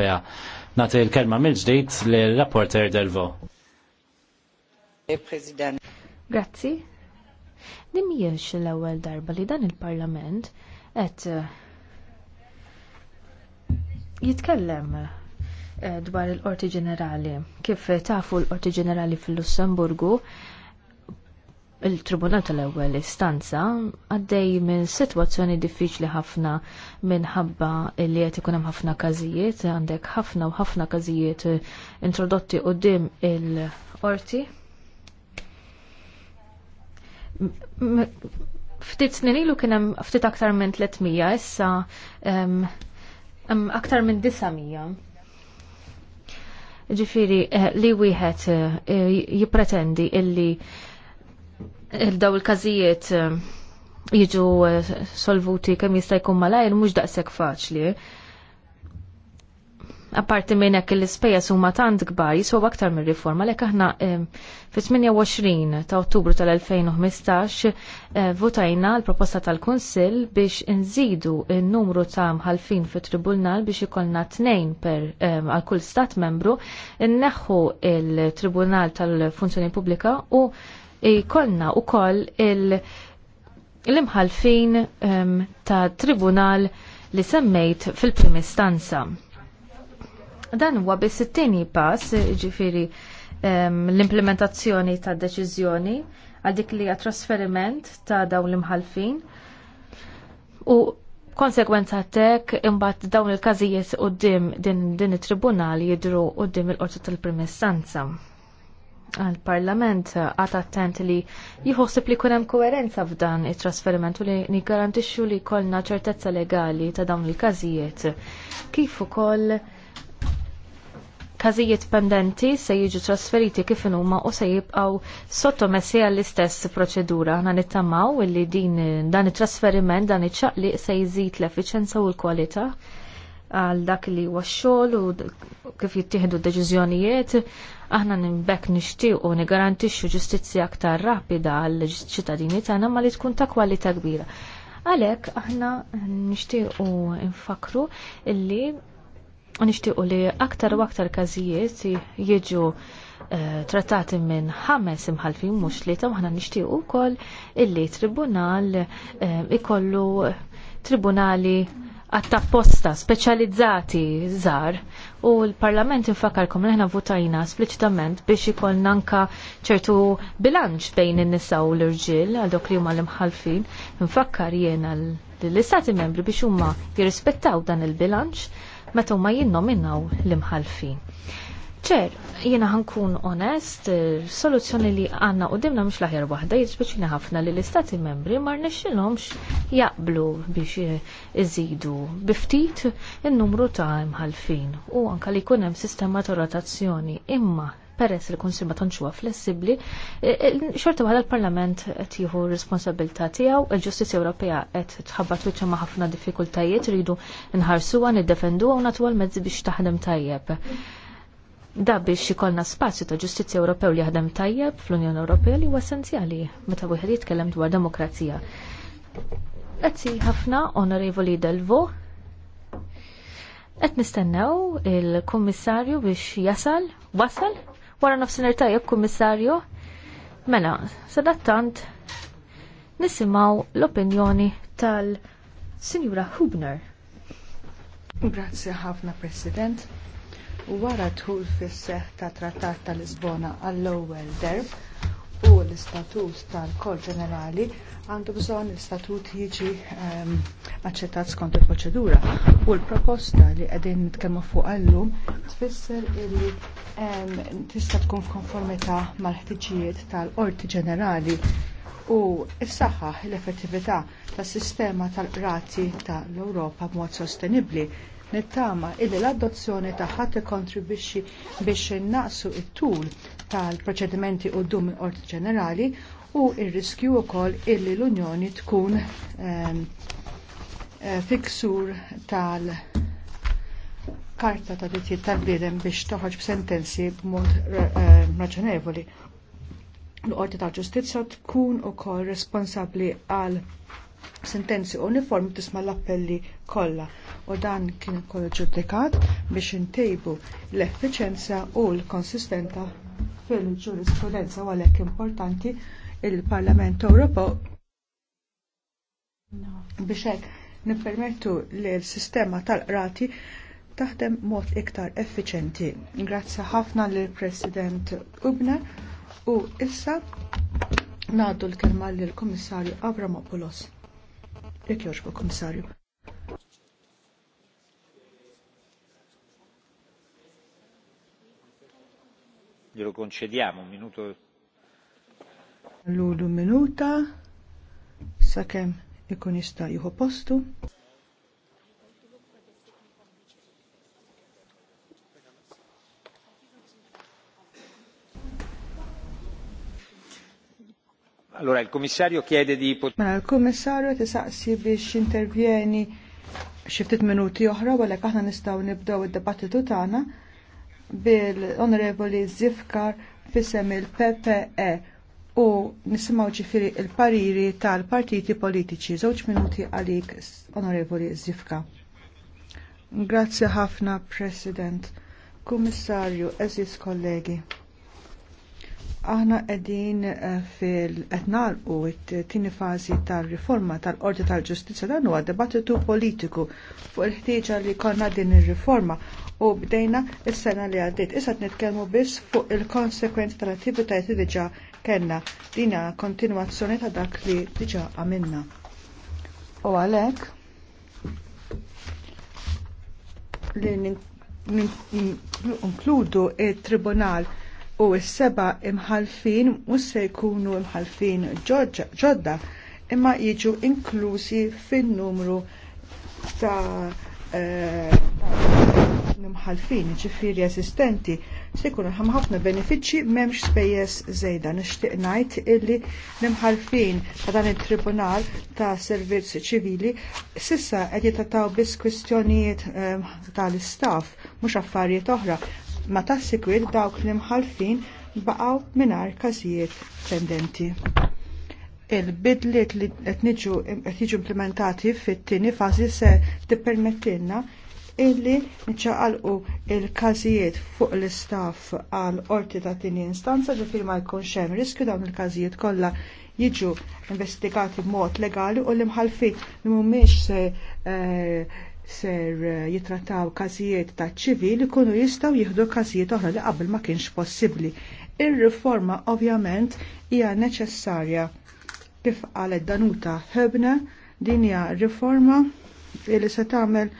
Ewropea. Nagħti l-kelma mill-ġdid l-rapporter Delvo. Eh, Grazzi. Din l-ewwel darba li dan il-Parlament qed eh, jitkellem eh, dwar il-Qorti Ġenerali. Kif tafu l-Qorti Ġenerali fil-Lussemburgu il-Tribunal tal-ewwel istanza għaddej minn sitwazzjoni diffiċli ħafna minħabba li qed ikun hemm ħafna każijiet, għandek ħafna u ħafna każijiet introdotti qudiem il-qorti. Ftit snin ilu kien hemm ftit aktar minn 300 issa hemm aktar minn 900 ġifiri eh, li wieħed eh, jippretendi illi il-daw il-kazijiet eh, jiġu eh, solvuti kemm jista' jkun malajr mhux daqshekk faċli. Apparti minn hekk l-ispejjeż huma tant kbar jiswa aktar minn riforma lek aħna eh, fit-28 ta' Ottubru tal-2015 votajna l-proposta tal-Kunsill biex inżidu n-numru ta' mħalfin fit-Tribunal biex ikollna tnejn per għal kull stat membru inneħħu il-Tribunal tal-Funzjoni Pubblika u jkollna wkoll l-imħalfin ehm, ta' tribunal li semmejt fil-prim istanza. Dan huwa biss it-tieni pass, ġifiri ehm, l-implementazzjoni ta' deċiżjoni għal dik li trasferiment ta' dawn l-imħalfin u konsekwenza tek imbagħad dawn il-każijiet quddiem din din it-tribunal jidru quddiem il-qorti tal-prim istanza għal-parlament għat attent li jħossib li kunem koerenza f'dan it trasferiment u li nigarantixxu li kollna ċertezza legali ta' dawn il-każijiet. Kif ukoll każijiet pendenti se jiġu trasferiti kif huma u se jibqgħu sottomessi għall-istess proċedura. Aħna nittamaw li din dan it-trasferiment dan iċ-ċaqliq se jżid l-effiċenza u l-kwalità għal dak li huwa x-xogħol u kif jittieħdu d-deċiżjonijiet Aħna nimbek nixtiequ u nigarantixxu ġustizzja aktar rapida għall ċittadini tagħna ma li tkun ta' kwalità kbira. Għalhekk aħna nixtiequ nfakru illi nixtiequ li aktar u aktar każijiet jiġu eh, trattati minn ħames imħalfin mhux li aħna nixtiequ wkoll illi tribunal eh, ikollu tribunali għatta posta speċjalizzati żgħar u l-Parlament infakarkom li ħna votajna spliċitament biex ikollna nanka ċertu bilanċ bejn in-nisa u l-irġiel għal dok li huma l-imħalfin. Infakkar jiena l-istati membri biex huma jirrispettaw dan il-bilanċ meta huma jinnominaw l-imħalfin ċer, jena ħankun onest, eh, soluzzjoni li għanna u dimna mux laħjar wahda, jizbeċina ħafna li l-istati membri mar nixilomx jaqblu biex eh, iżidu biftit il-numru ta' imħalfin u anka li kunem sistema ta' rotazzjoni imma peress li kunsil ma tantx huwa flessibbli, eh, xorta waħda l-Parlament qed jieħu responsabilità tiegħu, il ġustizja Ewropea qed tħabbat wiċċa ma' ħafna diffikultajiet rridu nħarsuha, defendu u natu għal mezzi biex taħdem tajjeb. Da biex ikollna spazju ta' ġustizzja Ewropew li jaħdem tajjeb fl-Unjoni Ewropea li huwa essenzjali meta wieħed jitkellem dwar demokrazija. Grazzi ħafna Onorevoli Delvo. Qed nistennew il-Kummissarju biex jasal, wasal, wara nofsinhar tajjeb Kummissarju. Mela, sadattant nisimgħu l-opinjoni tal-Sinjura Hubner. Grazzi ħafna, President wara dħul fis seħħ tat Trattat ta' Lisbona għall-ewwel derb u l-istatut tal-Kol Ġenerali għandu bżonn l-istatut jiġi ehm, aċċettat skont il-proċedura u l-proposta li qegħdin nitkellmu fuq llum tfisser illi ehm, tista' tkun f'konformità mal-ħtiġijiet tal-Qorti Ġenerali u s-saħħa l-effettività tas sistema tal-qrati tal-Ewropa b'mod sostenibbli nittama illi l-adozzjoni ta' ħadd tikkontribwixxi biex innaqsu it-tul tal-proċedimenti quddiem il-Qorti Ġenerali u r-riskju wkoll illi l-Unjoni tkun ehm, eh, fiksur tal- karta ta' dittijiet tal-bniedem biex toħroġ b'sentenzi b'mod eh, raġonevoli. L-Qorti tal-Ġustizzja tkun ukoll responsabbli għal sentenzi uniformi tisma' l-appelli kollha u dan kien kollu ġudikat biex intejbu l-effiċenza u l-konsistenta fil-ġurisprudenza u għalhekk importanti il-Parlament Ewropew biex hekk nippermettu li l-sistema tal-qrati taħdem mod iktar effiċenti. Grazzi ħafna lill president Ubner u issa ngħaddu l-kelma lill-Kummissarju Avramopoulos. Jekk joġbu, komissarju. Glielo concediamo un minuto. Lulu minuta, sakem ikun jista' jieħu postu. Allora, il commissario chiede di... Mela, il commissario tisaqsi biex intervjeni xiftit minuti oħra, wala aħna nistgħu nibdew id-dibattitu tagħna bil-onorevoli Zifkar fisem il-PPE u nisimgħu ġifieri il-pariri tal-partiti politiċi. Żewġ minuti għalik, onorevoli Zifka. Grazzi ħafna, President. Kummissarju, eżis kollegi. Aħna qegħdin eh, fil-etnal u t-tini fażi tal-riforma tal-Qorti tal-Ġustizja dan huwa dibattitu politiku fuq il-ħtieġa li konna din ir-riforma u bdejna il sena li għaddiet. Issa nitkellmu biss fuq il-konsekwenzi tal attivitajt li diġa' kellna dina kontinwazzjoni ta' dak li diġà għamilna. U għalhekk li ninkludu il tribunal u s-seba imħalfin mhux se jkunu imħalfin ġodda imma jiġu inklużi fin-numru eh, ta' imħalfin ġifiri assistenti se jkunu ħafna benefiċċji m'hemmx spejjeż żejda nixtieq ngħid illi l-imħalfin ta' dan it-Tribunal ta' Servizzi Ċivili sissa qed jitataw biss kwistjonijiet eh, tal-istaff mhux affarijiet oħra ma ta' sikwit dawk li mħalfin baqgħu mingħajr każijiet pendenti. Il-bidliet li qed jiġu implementati fit-tieni fażi se tippermettilna illi nċaqalqu il-każijiet fuq l-istaff għal qorti ta' tieni instanza ġifier ma jkunx hemm riskju dawn il-każijiet kollha jiġu investigati b'mod legali u li mħalfit li mhumiex se eh, ser eh, jitrattaw każijiet ta' ċivili kunu jistgħu jieħdu każijiet oħra li qabel ma kienx possibbli. Ir-riforma ovvjament hija neċessarja kif qalet Danuta Hebner din hija riforma li se tagħmel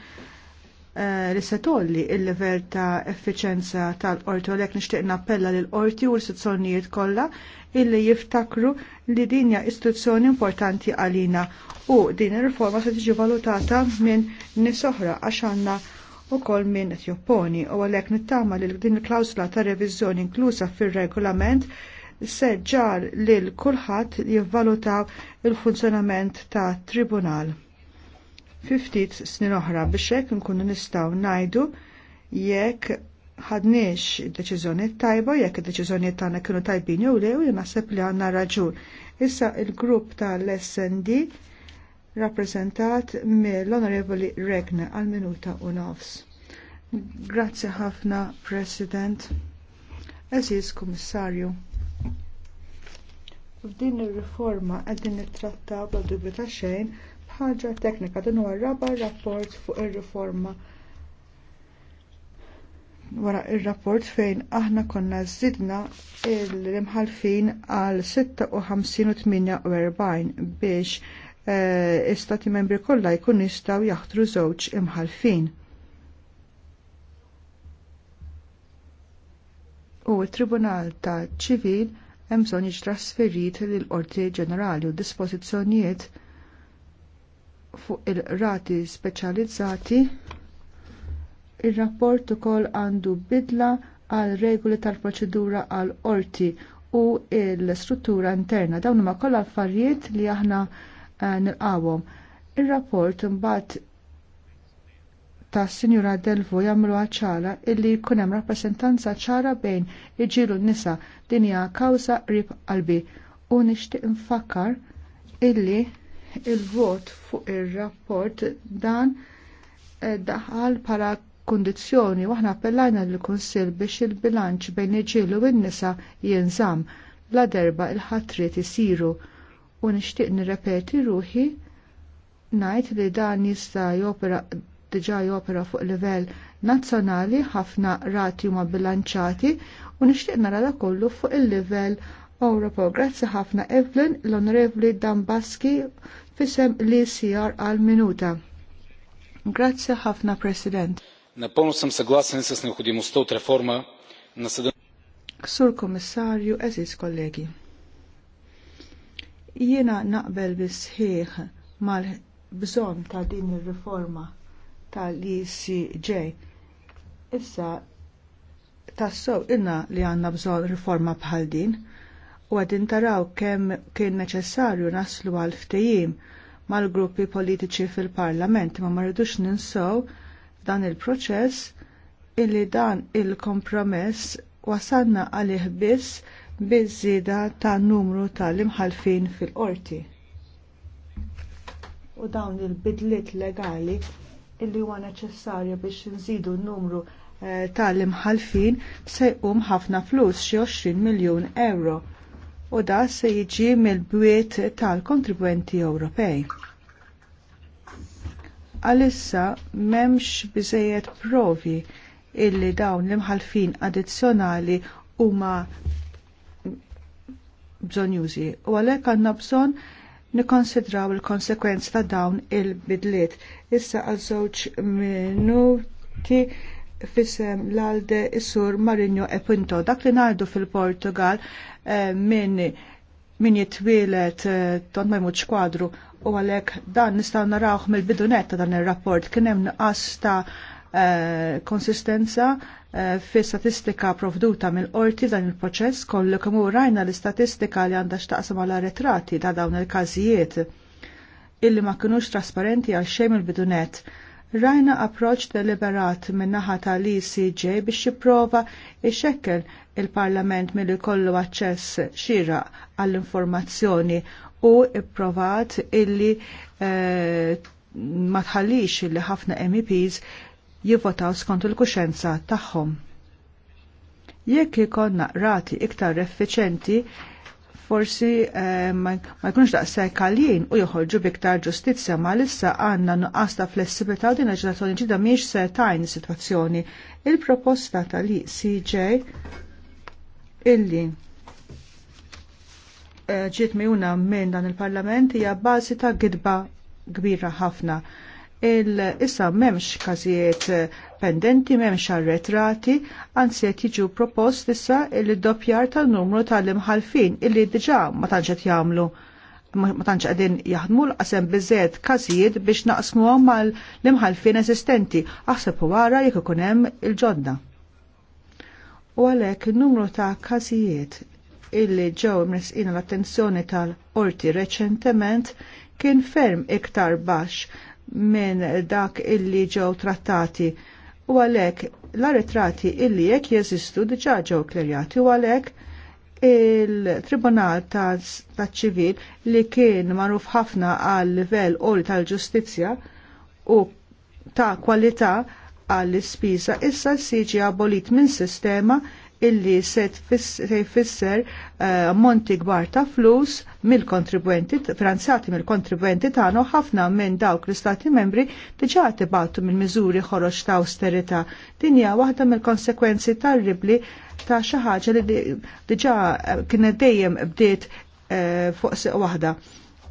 Eh, li se tolli il-level ta' effiċenza tal-qorti u lek nixtieq nappella l qorti u l-istituzzjonijiet kollha illi jiftakru li din hija istituzzjoni importanti għalina u din ir-riforma se tiġi valutata minn nies oħra għax għandna minn min qed jopponi u għalhekk nittama li din il-klawsla ta' reviżjoni inklusa fir-regolament se ġar lil kulħadd jivvalutaw il-funzjonament ta' tribunal ftit snin oħra biex hekk nkunu nistgħu ngħidu jekk ħadniex id deċiżjoni tajba jekk id-deċiżjoni tagħna kienu tajbin jew lew jien naħseb li għandna raġun. Issa il-grupp tal-SND rappresentat mill-Onorevoli Regna għal minuta u nofs. Grazzi ħafna, President. Eżis Kummissarju. F'din ir-riforma qegħdin nittrattaw bla dubju ta' xejn ħaġa teknika din huwa raba rapport fuq ir-riforma wara ir-rapport fejn aħna konna żidna l-imħalfin għal 56.48 biex e, istati membri kollha jkun jistgħu jaħtru żewġ imħalfin. U t-Tribunal ta' ċivil hemm bżonn jiġi trasferit lill qorti Ġenerali u dispożizzjonijiet fuq il-rati speċjalizzati, ir-rapport ukoll għandu bidla għal regoli tal-proċedura għal orti u l-struttura interna. Dawn huma kollha affarijiet li aħna eh, nilqawhom. Ir-rapport imbagħad ta' Sinjura Delvo jagħmlu ċara illi jkun hemm rappreżentanza ċara bejn iġilu n-nisa din hija kawża qrib qalbi u nixtieq infakkar illi il-vot fuq ir-rapport dan eh, daħal para kundizzjoni waħna appellajna lill-Kunsill biex il-bilanċ bejn il u n-nisa jinżamm la derba il-ħatriet isiru u nixtieq nirrepeti ruħi ngħid li dan jista' jopera diġa jopera fuq livell nazzjonali ħafna rati huma bilanċati u nixtieq nara kollu fuq il-livell po, Grazzi ħafna Evelyn, l Dan Dambaski fissem li sijar għal minuta. Grazzi ħafna President. Napolnu sem saglasen s neħudimu stot reforma na sedan. Sur Komissarju, eżis kollegi. Jiena naqbel bisħieħ mal-bżon ta' din ir-riforma tal-ECJ. Issa tassow inna li għanna bżon riforma bħal din u għadin taraw kemm kien neċessarju naslu għal ftejim mal-gruppi politiċi fil-parlament ma marridux ninsow dan il-proċess illi dan il-kompromess wasanna għalih biss biż-żieda ta' numru tal-imħalfin fil-qorti. U dawn il-bidliet legali illi huwa neċessarju biex nżidu n-numru eh, tal-imħalfin se jqum ħafna flus xi 20 miljun euro u da se jiġi mill-bwiet tal-kontribwenti Ewropej. Għalissa memx biżejjed provi illi dawn l-imħalfin addizzjonali huma jużi. u għalhekk għandna bżonn nikkonsidraw il-konsekwenz ta' dawn il-bidliet. Issa għal żewġ minuti fisem l-alde is-sur Marinho Epinto. Dak li najdu fil-Portugal eh, minn min jitwielet eh, ton ma jmutx kwadru u għalhekk dan nistgħu narawh mill bidunetta ta' dan ir-rapport kien hemm ta' eh, konsistenza fi statistika provduta mill-qorti dan il-proċess kollu kemm rajna l-istatistika li għandha x'taqsam għal retrati ta' dawn il-każijiet illi ma kinux trasparenti għal xejn il-bidunet Rajna approċ deliberat min-naħa tal-ECJ biex jipprova ixekkel il-Parlament milli kollu aċċess xira għall-informazzjoni u ipprovat illi eh, ma tħallix illi ħafna MEPs jivvotaw skont il-kuxenza tagħhom. Jekk ikonna rati iktar effiċenti, forsi eh, ma jkunx daqshekk għaljin u joħorġu biktar ġustizzja ma lissa għandna nuqasta ta' flessibilità u din ġenerazzjoni ġida mhijiex se tajn is-sitwazzjoni. Il-proposta tal-CJ illi eh, ġiet miuna minn dan il-Parlament hija bażi ta' gidba kbira ħafna. Il-issa memx każijiet eh, pendenti m'hemmx arretrati, anzi qed jiġu propost issa il-doppjar tan-numru tal-imħalfin illi diġà ma tantx jamlu. jagħmlu ma tantx qegħdin jaħdmu l-qasem bizzet każijiet biex naqsmuhom l imħalfin eżistenti għasab u jekk ikun hemm il-ġodda. U għalhekk in-numru ta' każijiet illi ġew mresqina l-attenzjoni tal orti reċentement kien ferm iktar baxx minn dak illi ġew trattati u għalek l-arretrati illi jek jeżistu diġa ġew klerjati u għalek il-Tribunal ta' ċivil li kien maruf ħafna għal livell qoli tal-ġustizzja u ta' kwalità għall ispiża issa siġi abolit minn sistema illi se jfisser eh, monti kbar ta' flus mill-kontribwenti, franzati mill-kontribwenti tagħna ħafna minn dawk l-istati membri diġà tibatu mill-miżuri ħoroġ ta' austerità. Din hija waħda mill-konsekwenzi tarribli ta' xi ħaġa li diġà eh, kienet dejjem bdiet eh, fuq waħda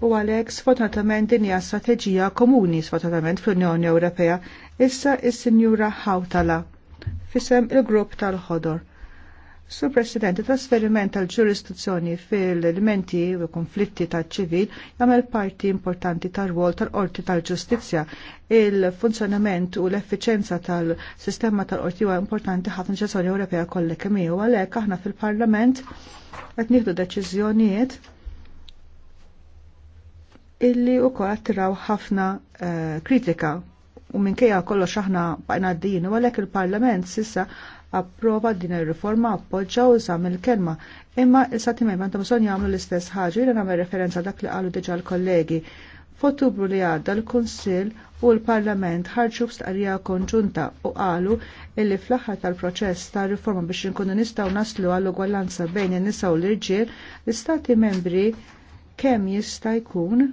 u għalhekk sfortunatament din hija strateġija komuni sfortunatament fl-Unjoni Ewropea. Issa is-Sinjura Hawtala fisem il-grupp tal-ħodor. Sur President, trasferiment tal ġurisdizzjoni fil-elementi u konflitti tal-ċivil jagħmel parti importanti tar rwol tal-Qorti tal-Ġustizzja. Il-funzjonament u l-effiċenza tal-sistema tal-qorti huwa importanti ħafna ġezzjoni Ewropea kollha kemm hu. għalhekk aħna fil-Parlament qed nieħdu deċiżjonijiet illi wkoll attiraw ħafna eh, kritika u minkejja kollox aħna bajna għaddin u għalhekk il-Parlament sissa approva din ir-riforma appoġġa u żamm il-kelma. Imma il-sati membri għandhom bżonn jagħmlu l-istess ħaġa jiena nagħmel referenza dak li qalu diġà l-kollegi. F'Ottubru li għadda l-Kunsill u l-Parlament ħarġu b'stqarrija konġunta u qalu illi fl-aħħar tal-proċess ta' riforma biex inkunu nistgħu naslu għall ugwallanza bejn in-nisa u l-irġiel, l-istati membri kemm jista' jkun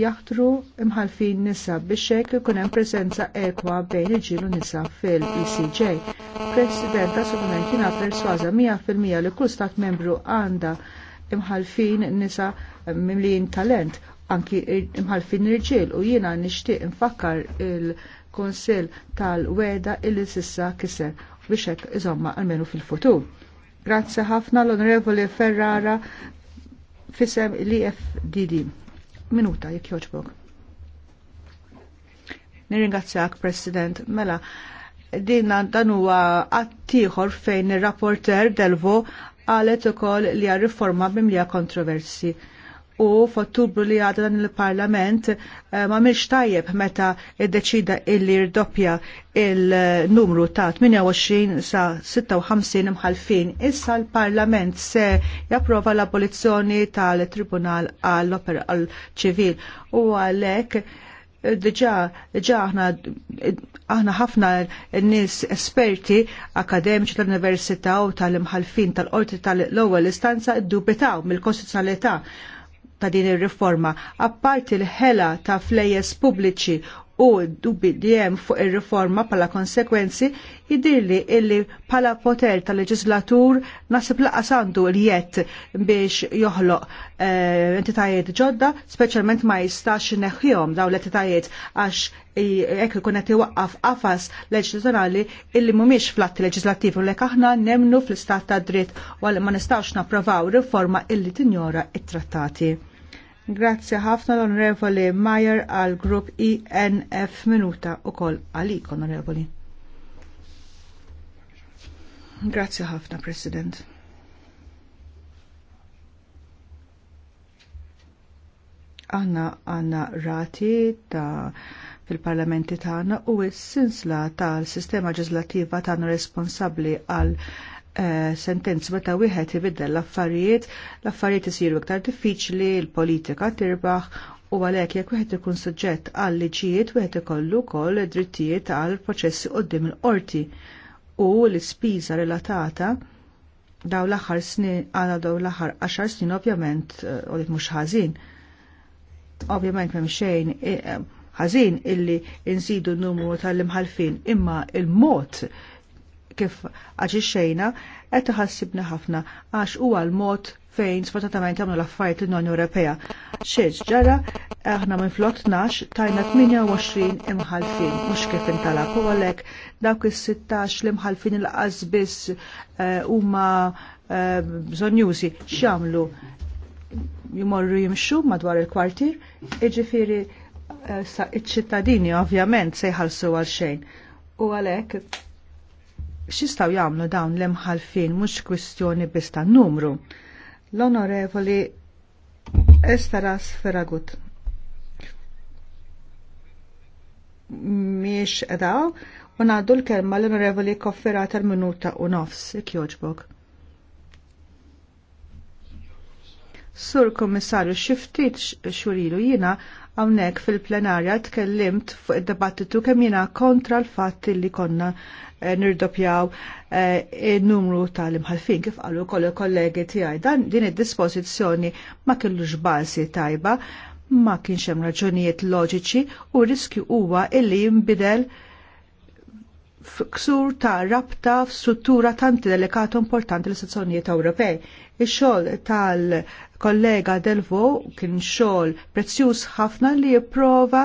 jaħtru imħalfin nisa biex hekk ikun hemm preżenza ekwa bejn iġilu nisa fil-ECJ. President ta' kien jiena persważa 100% li kull stat membru għandha imħalfin nisa mimlijin talent anki imħalfin irġiel u jiena nixtieq infakkar il kunsill tal-Weda illi sissa kiser biex hekk iżomma għalmenu fil-futur. Grazzi ħafna l-Onorevoli Ferrara fisem l-EFDD. Minuta, jekk joġbok. Nirringazzjak President. Mela, dinna dan huwa għattijħor fejn ir-rapporter Delvo għalet ukoll li għal riforma bimlija kontroversi u f'Ottubru li għadha dan il-Parlament ma eh, mhix tajjeb meta iddeċida illi rdoppja il-numru ta' 28 sa 56 mħalfin. Issa l-Parlament se japprova l-abolizzjoni tal-Tribunal għall-Opera ċivil u għalhekk diġa, eh, diġa aħna, aħna ħafna nis esperti akademiċi tal-Università u tal-imħalfin tal-qorti tal-ewwel istanza ddubitaw mill-kostituzzjonalità ta' din ir-riforma. Apparti l-ħela ta' flejjes pubbliċi u dubi djem fuq ir-riforma pala konsekwenzi jidirli illi pala poter tal-leġislatur nasib laqas għandu li jett biex joħloq eh, entitajiet ġodda, specialment ma jistax neħjom daw l-entitajiet għax ekk ikun qed iwaqqaf qafas leġizzjonali illi mhumiex flatti leġislattiv u lek aħna nemnu fl-istat ta' dritt u ma nistax napprovaw riforma illi tinjora it-trattati. Grazzi ħafna l-Onorevoli Majer għal grupp INF e minuta u koll għalik, Onorevoli. Grazzi ħafna, President. Għanna għanna rati ta' fil-parlamenti tagħna u s-sinsla tal-sistema ġeżlattiva tagħna responsabbli għal Eh, sentenz meta wieħed ibiddel l-affarijiet, l-affarijiet isiru iktar diffiċli, l-politika tirbaħ u għalhekk jekk wieħed ikun suġġett għal liġijiet wieħed ikollu wkoll drittijiet għal proċessi qudiem il-qorti u l-ispiża relatata daw l-aħħar snin għal daw l-aħħar 10 snin ovvjament u eh, mhux ħażin. Ovvjament m'hemm xejn eh, ħażin illi insidu n-numru tal-imħalfin imma il-mod il mod kif xejna qed taħassibna ħafna għax huwa l-mod fejn sfortunatament għamlu l-affarijiet l-Unjoni Ewropea. Xiex ġara, aħna minn flok 12 tajna 28 imħalfin, mhux kif intala u għalhekk dawk is-16 l-imħalfin il-qas biss eh, huma eh, bżonjużi xamlu jimorru jimxu madwar il-kwartir, iġifieri eh, iċ-ċittadini ovvjament se jħallsu għal xejn. U għalhekk xistaw jamlu dawn l-imħalfin mux kwistjoni bista numru. L-onorevoli Estaras Feragut. Miex edaw, u naddu l-kelma l-onorevoli koffera tal-minuta u nofs, ikjoġbok. Sur Komissarju, xiftit xurilu jina għawnek fil-plenarja tkellimt fuq id-debattitu kemm jina kontra l-fatt li konna Eh, nirdopjaw eh, il-numru tal-imħalfin kif qalu kollu kollegi tiegħi. Dan din id-dispożizzjoni ma kellux bażi tajba, ma kienx hemm raġunijiet loġiċi u riskju huwa illi jinbidel f'ksur ta' rabta f'struttura tant delikatu importanti l istazzjonijiet Ewropej. Ix-xogħol tal-kollega Delvo kien xogħol prezzjuż ħafna li jipprova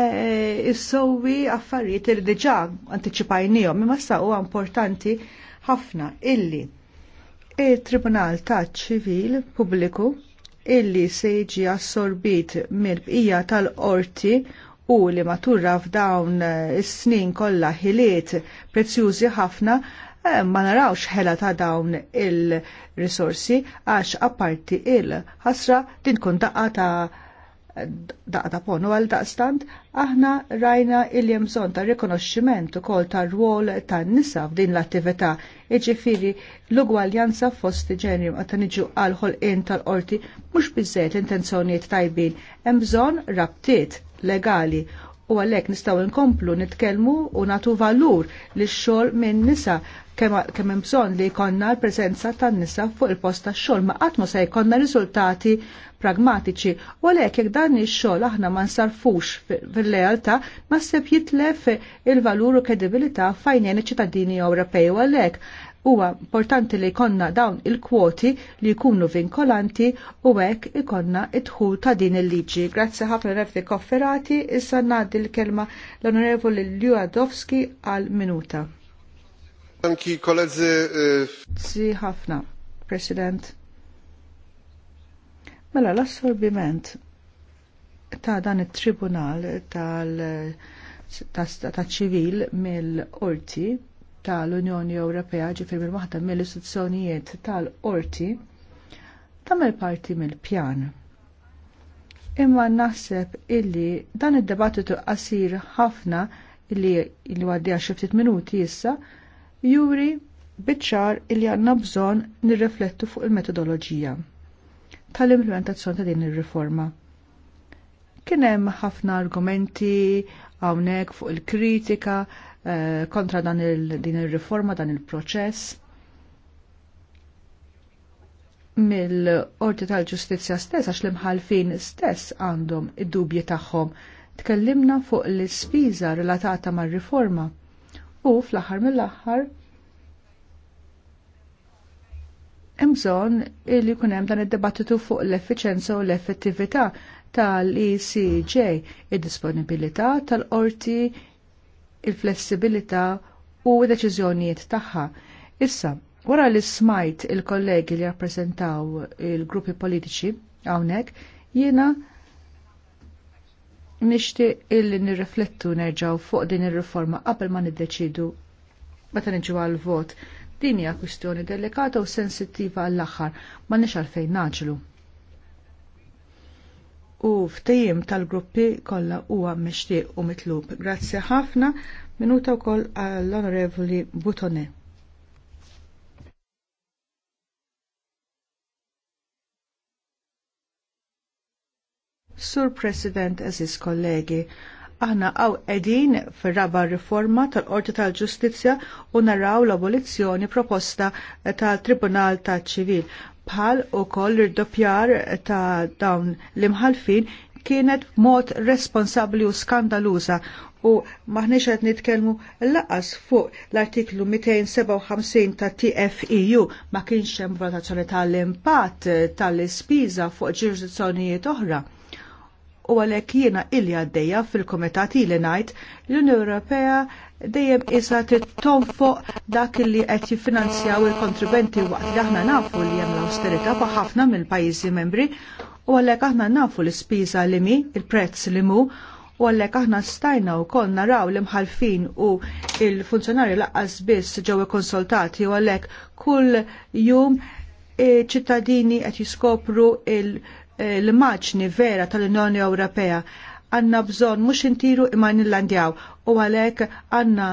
E, issowi affarijiet li diġà antiċipajnijom, imma sa huwa importanti ħafna illi il-Tribunal ta' ċivil pubbliku illi se jiġi assorbit mill-bqija tal-qorti u li maturra f'dawn is-snin kollha ħiliet prezzjużi ħafna e, ma narawx ħela ta' dawn il-risorsi għax apparti il-ħasra din kun daqqa ta' daqda ponu għal daqstant, aħna rajna il bżonn ta' rikonoxximent ukoll tar rwol tan nisa f'din l-attività, iġifiri l-ugwaljanza fost ġenri ma ta' niġu għal in tal-qorti mhux biżżejjed intenzjonijiet tajbin, hemm bżonn rabtiet legali u għalhekk nistgħu nkomplu nitkellmu u natu valur li xogħol minn nisa kemm hemm bżonn li jkollna l-preżenza tan-nisa fuq il-post ta' xogħol ma qatt ma se jkollna riżultati pragmatiċi u għalhekk jekk dan ix-xogħol aħna ma nsarfux fil-lealtà sepp jitlef il-valur u kredibilità fajnjeni ċittadini Ewropej u għalhekk Huwa importanti li jkollna dawn il-kwoti li jkunu vinkolanti u hekk ikonna idħul ta' din il-liġi. Grazzi ħafna Refi Kofferati, issa ngħaddi l-kelma l-Onorevoli Ljuadowski għal minuta. Anki koledzi. Si ħafna, President. Mela l-assorbiment ta' dan it-tribunal tal ta' ċivil mill qorti tal-Unjoni Ewropea ġifir minn waħda mill-istituzzjonijiet tal-Qorti tagħmel parti mill-pjan. Imma naħseb illi dan id-debattitu qasir ħafna illi illi għaddija xi ftit minuti issa juri biċċar illi għandna bżonn nirriflettu fuq il-metodoloġija tal-implementazzjoni ta' din ir-riforma. Kien hemm ħafna argumenti hawnhekk fuq il-kritika Eh, kontra dan il, din il-riforma, dan il-proċess mill-Qorti tal-Ġustizzja stess għax l-imħalfin stess għandhom id-dubji tagħhom. Tkellimna fuq l-ispiża relatata mar-riforma u fl-aħħar mill-aħħar hemm bżonn li jkun hemm dan id-dibattitu fuq l-effiċenza u l-effettività tal-ECJ, id-disponibilità tal-qorti, il-flessibilità u deċiżjonijiet tagħha. Issa, wara li smajt il-kollegi li rappresentaw il-gruppi politiċi hawnhekk, jiena nixtieq illi nirriflettu nerġaw fuq din ir-riforma qabel ma niddeċidu meta niġu għal vot. Din hija kwistjoni delikata u sensittiva għall-aħħar, ma nix għalfejn naġlu u ftejim tal-gruppi kollha huwa mixtieq u mitlub. Grazzi ħafna minuta wkoll għall-Onorevoli Butone. Sur President, eżis kollegi, Aħna għaw edin fil-raba riforma tal-Qorti tal-Ġustizja u naraw l-abolizzjoni proposta tal-Tribunal tal-Ċivil bħal u koll doppjar ta' dawn l-imħalfin kienet mod responsabli u skandaluza u maħniex qed nitkellmu laqas fuq l-artiklu 257 ta' TFEU ma kienx hemm valutazzjoni tal-impatt tal-ispiża fuq ġurisdizzjonijiet oħra u għalhekk jiena illi għaddejja fil komitati li ngħid l-Unjoni Ewropea dejjem isa t-tonfo dak li qed jiffinanzjaw il-kontribenti waqt li aħna nafu li hemm l austerita pa' ħafna mill-pajjiżi membri u għalhekk aħna nafu l-ispiża li mi, il-prezz li mu u għallek aħna stajna u kon naraw l-imħalfin u il-funzjonari laqqas biss ġew konsultati u għallek kull jum e, ċittadini qed jiskopru il- Eh, l-maċni vera tal-Unjoni Ewropea għanna bżon mux intiru imma nillandjaw u għalek għanna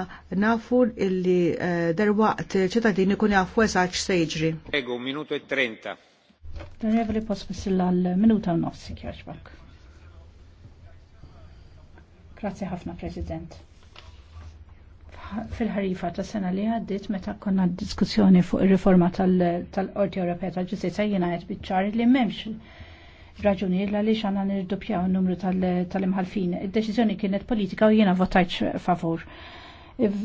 nafu illi eh, derwaqt ċittadini kun jafu eżaċ sejġri. Ego, minuto e 30. Tarjevli fissilla l-minuta e u nofsi kjaċbak. Grazie ħafna, President. Fil-ħarifa ta' sena li għaddit meta konna diskussjoni fuq il-riforma tal-Ordi Ewropea tal-Ġustizja jiena qed biċċari li m'hemmx raġuni għaliex għandna nirdupjaw n-numru tal-imħalfin. Tal Id-deċiżjoni kienet politika u jiena votajt favur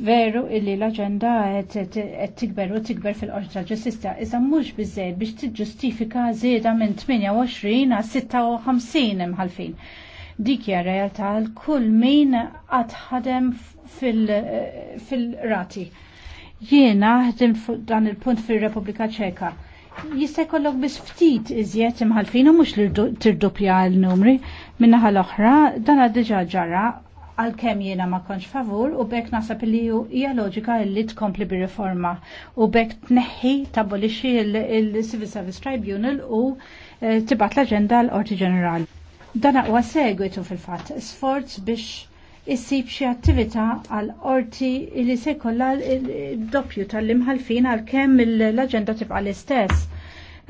veru illi l-agenda qed tikber u tikber fil-qorti tal-ġustizja iżda mhux biżejjed biex tiġġustifika żieda minn 28 għal 56 imħalfin. Dik hija realtà għal kull min għadħadem ħadem fil-rati. Jena ħdim dan il-punt fir-Repubblika Ċeka jista' jkollok biss ftit iżjed imħalfin u mhux tirdupja l-numri minnaħa l-oħra dan diġà ġara għal kem jena ma konċ favur u bekk nasab li hija loġika li tkompli bi riforma u bekk tneħħi tabolixxi il-Civil Service Tribunal u eh, tibat l aġenda l qorti Ġenerali. Dan aqwa segwitu fil-fatt sforz biex issib xi attività għal qorti li se jkollha doppju tal-imħalfin għal kemm l-aġenda tibqa' l-istess.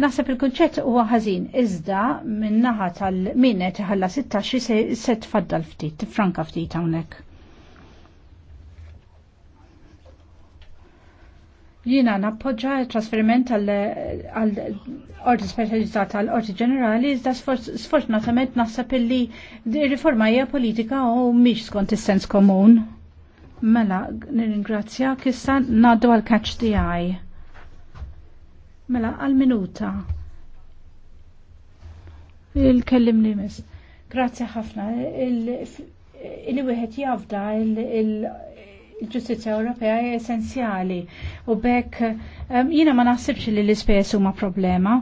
Naħseb il-kunċett huwa ħażin iżda min-naħa tal-min ħalla 16 se tfaddal ftit, franka ftit hawnhekk. Jina nappoġġa trasferiment għal ordi Speċjalizzata għall ordi Ġenerali, iżda sfortunatament naħseb illi riforma hija politika u mhix skont is-sens komun. Mela, nirringrazzja issa ngħaddu għal catch the eye. Mela, għal minuta. Il-kellim li mis. Grazzi ħafna. Il-wieħed jafda il-, il, il il ġustizja Ewropea hija essenzjali u bekk jiena ma naħsibx li l-ispejjeż huma problema.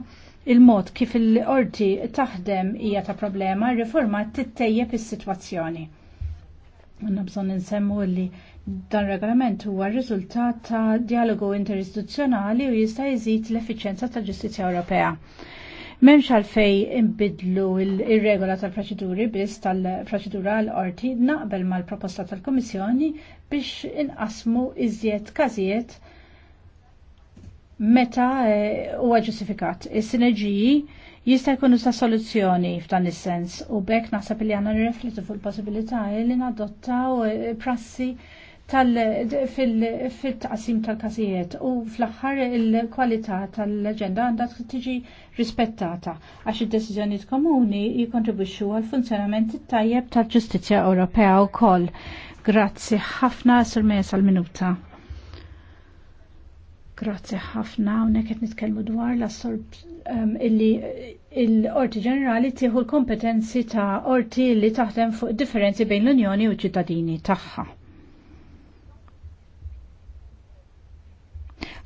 Il-mod kif il-qorti taħdem hija ta' problema, riforma tittejjeb is-sitwazzjoni. Għanna bżon ninsemmu li dan regolament huwa r-riżultat ta' dialogu interistituzzjonali u jista' jżid l-effiċenza tal ġustizja Ewropea. Memx għalfej imbidlu il-regola tal-proċeduri biss tal-proċedura għal-orti naqbel mal-proposta tal-Komissjoni biex inqasmu iżjed każijiet meta eh, huwa ġustifikat. Is-sinerġiji jista' jkunu sa soluzzjoni f'dan is-sens u bekk naħseb li għandna nirreflettu fuq il-possibilità li nadottaw eh, prassi fil-taqsim tal-kasijiet u fl-axħar il-kwalità tal-leġenda għandha tiġi rispettata għax id-deċiżjonijiet komuni jikontribwixxu għal funzjonament tajjeb tal-ġustizzja Ewropea wkoll. Grazzi ħafna sur Meja sal-minuta. Grazzi ħafna hawnhekk qed nitkellmu dwar l-assorb ehm, illi l-Orti Ġenerali tieħu l-kompetenzi ta' orti li taħdem fuq differenzi bejn l-Unjoni u ċittadini tagħha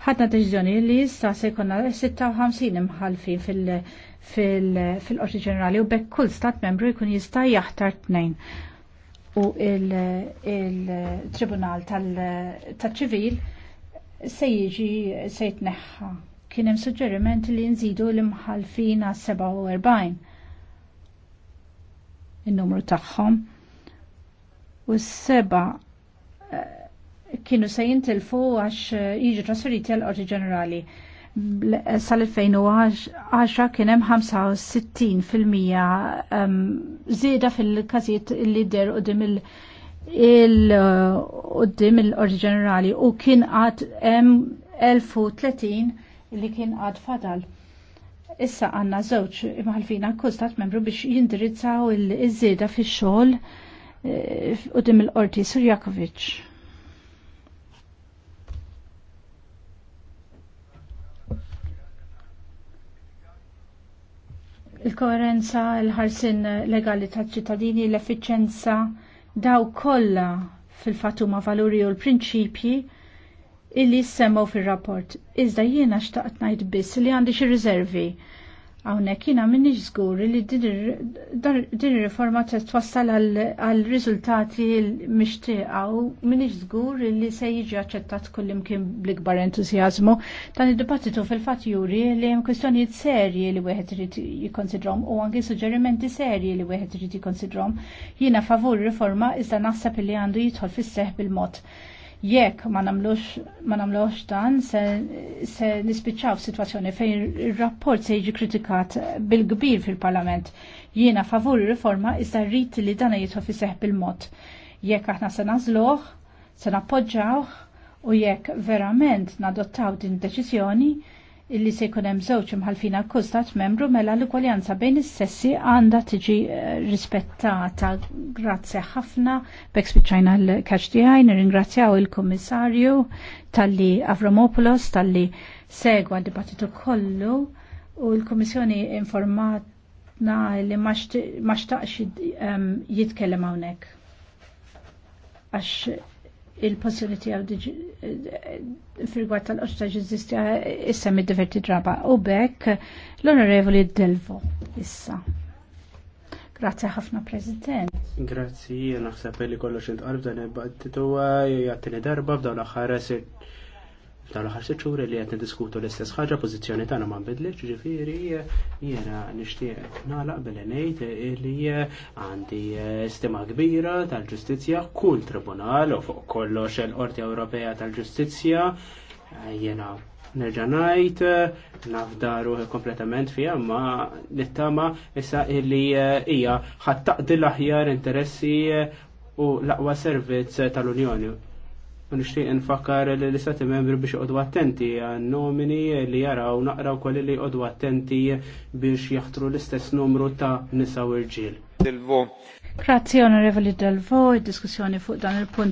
ħadna deċiżjoni li issa se jkollna 56 imħalfin fil-Qorti Ġenerali u bekk kull stat membru jkun jista' jaħtar tnejn. U il-Tribunal tal-Ċivil se jiġi se jitneħħa. Kien hemm suġġeriment li nżidu l-imħalfin għas 47 in-numru tagħhom u s-seba' kienu se jintilfu għax eh, jiġu trasferiti għal qorti ġenerali. Eh, sal-2010 kien hemm 65 fil-mija ehm, żieda fil-każijiet li der qudiem il- il-qoddim il-qorti ġenerali u kien għad 1030 li kien għad fadal. Issa għanna zewċ imħalfina kużdat membru biex jindirizzaw il-żieda fix xogħol eh, qudiem il-qorti Surjakovic. il-koerenza, il-ħarsin legali taċ ċittadini, l-effiċenza, daw kollha fil-fatuma valuri u l-prinċipji illi semmaw fil-rapport. Iżda jiena xtaqt najt biss li għandi xi riservi Għawnek jina minni ġżgur li din riforma t twassal għal riżultati mishtiqa u minni ġżgur li se jiġi aċċettat kullim kien bl-ikbar entuzjazmu. Dan id-dibattitu fil-fat juri li jem kwestjonijiet serji li wieħed irid jikonsidrom u anki suġġerimenti serji li wieħed irid jikonsidrom. Jina favur reforma iżda naħseb li għandu jidħol fis-seħ bil-mod Jekk ma nagħmlux ma dan se, se nispiċċaw f'sitwazzjoni fejn ir-rapport se jiġi kritikat bil-kbir fil-Parlament. Jiena favur riforma iżda rrid li dan jitħof fi bil-mod. Jekk aħna se nażluh, se nappoġġawh u jekk verament nadottaw din deċiżjoni, illi se jkun hemm żewġ imħalfin akkużat membru mela l-ikwaljanza bejn is-sessi għandha tiġi eh, rispettata. Grazzi ħafna bek spiċċajna l-Catch the Eye, nirringrazzjaw il-Kummissarju tal-li Avramopoulos tal-li segwa d-dibattitu kollu u l-Kummissjoni informatna li ma xtaqx ehm, jitkellem hawnhekk għax il passjoni tijaw eh, fil-gwad tal-qoċta ġizistja eh, issa mid-diverti draba u bekk l-Onorevoli Delvo issa. Grazie ħafna President. Grazzi, naħseb li kollox il-qalb dan il-battitu eh, jgħattini darba bdawn l-aħħar tal l-ħar siċuri li qed diskutu l-istess ħaġa pożizzjoni tagħna ma nbidlitx, ġifieri jiena nixtieq nagħlaq billi ngħid li għandi stima kbira tal-ġustizzja kull tribunal u fuq kollox il-Qorti Ewropea tal-Ġustizzja jiena nerġa' ngħid nafdaru kompletament fiha ma nittama issa illi hija ħattaqdi l-aħjar interessi u l-aqwa servizz tal-Unjoni u nixtieq nfakkar li l-istati membri biex qodu attenti għan nomini li jaraw naqraw kolli li qodu attenti biex jaħtru l-istess numru ta' nisa u rġil. Grazzi onorevoli Delvo, id-diskussjoni fuq dan il-punt